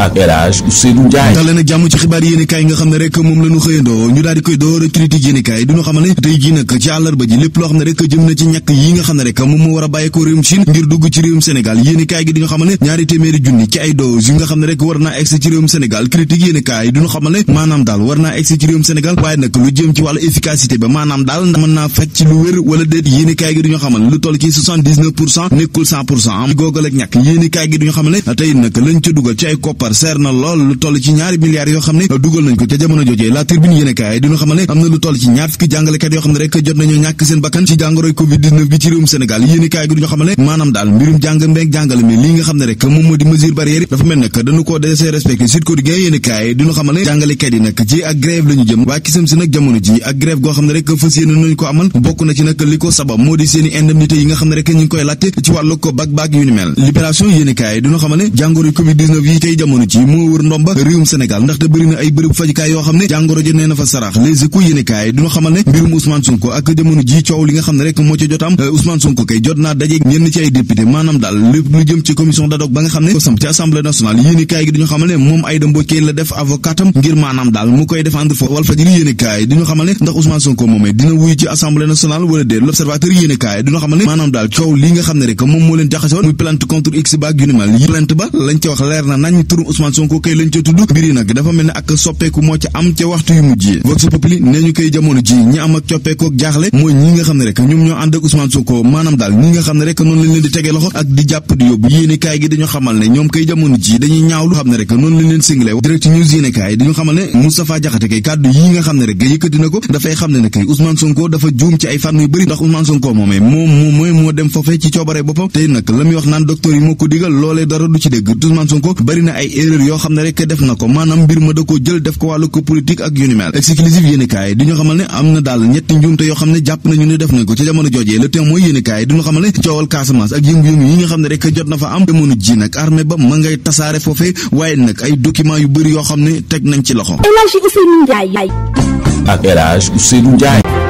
ak El Hadj Ousseynou Ndiaye dal na jàmm ci xibaar yéenekaay nga xam ne rek moom la xëyandoo ñu daal di koy door critique yéenekaay du ñu tey jii nag ci dugal ci ay koppar koppar seer na lool lu toll ci ñaari milliards yoo xam ne dugal nañ ko ca jamono jojee la turbine yéenekaay dinu xamal ne am na lu toll ci ñaar fukki jàngalekat yoo xam ne rek jot nañu ñàkk seen bakkan ci jàngoroy covid 19 bi ci xamal ne jàngalekat yi nag ci ak grève la jëm waa kisam si nag jamono ji ak grève goo xam ne rek fas yéene nañu ko amal bokk na ci nag li ko sabab moo di seeni indemnité yi nga xam ne rek ñu koy laajte ci wàllu ko bag jamono maanaam daal coow li nga xam ne rek moom moo leen jaxasoon muy plainte contre x baak yu ni mel ba lañ ci wax leer na nañ turu Ousmane Sonko kay lañ ca tudd mbir yi nag dafa mel ne ak soppeeku moo ca am ca waxtu yu mujj yi vox populi nee ñu koy jamono ji ñi am ak coppeekook jaaxle mooy ñi nga xam ne rek ñoom ñoo ànd ak Ousmane Sonko ne rek noonu lañ leen di tegee loxo ak di jàpp di yóbbu yéene kaay gi dañu xamal ne ñoom koy jamono ji dañuy ñaawlu xam ne rek noonu leen single direct news yéene dañu xamal ne Moustapha Diakhaté kay kàddu yi nga xam ne rek yëkkati na ko dafay xam ne ne kay Ousmane dafa juum ci ay fànn yu bëri ndax Ousmane moomee moom moom mooy erreur yoo xam ne rek def na ko maanaam mbir ma da ko jël def ko wàllu ko politique ak yu ni mel exclusif yéenekaay di ñu xamal ne am na daal ñetti njuumte yoo xam ne jàpp nañu ne def nañ ko ci jamono joojee le Témoin yéenekaay di ñu xamal ne coowal Casamance ak yëngu-yëngu yi nga xam ne rek jot na fa am jamono ji nag armée ba ma ngay tasaare foofee waaye nag ay documents yu bëri yoo xam ne teg nañ ci loxo ak El Hadj Ousseynou Ndiaye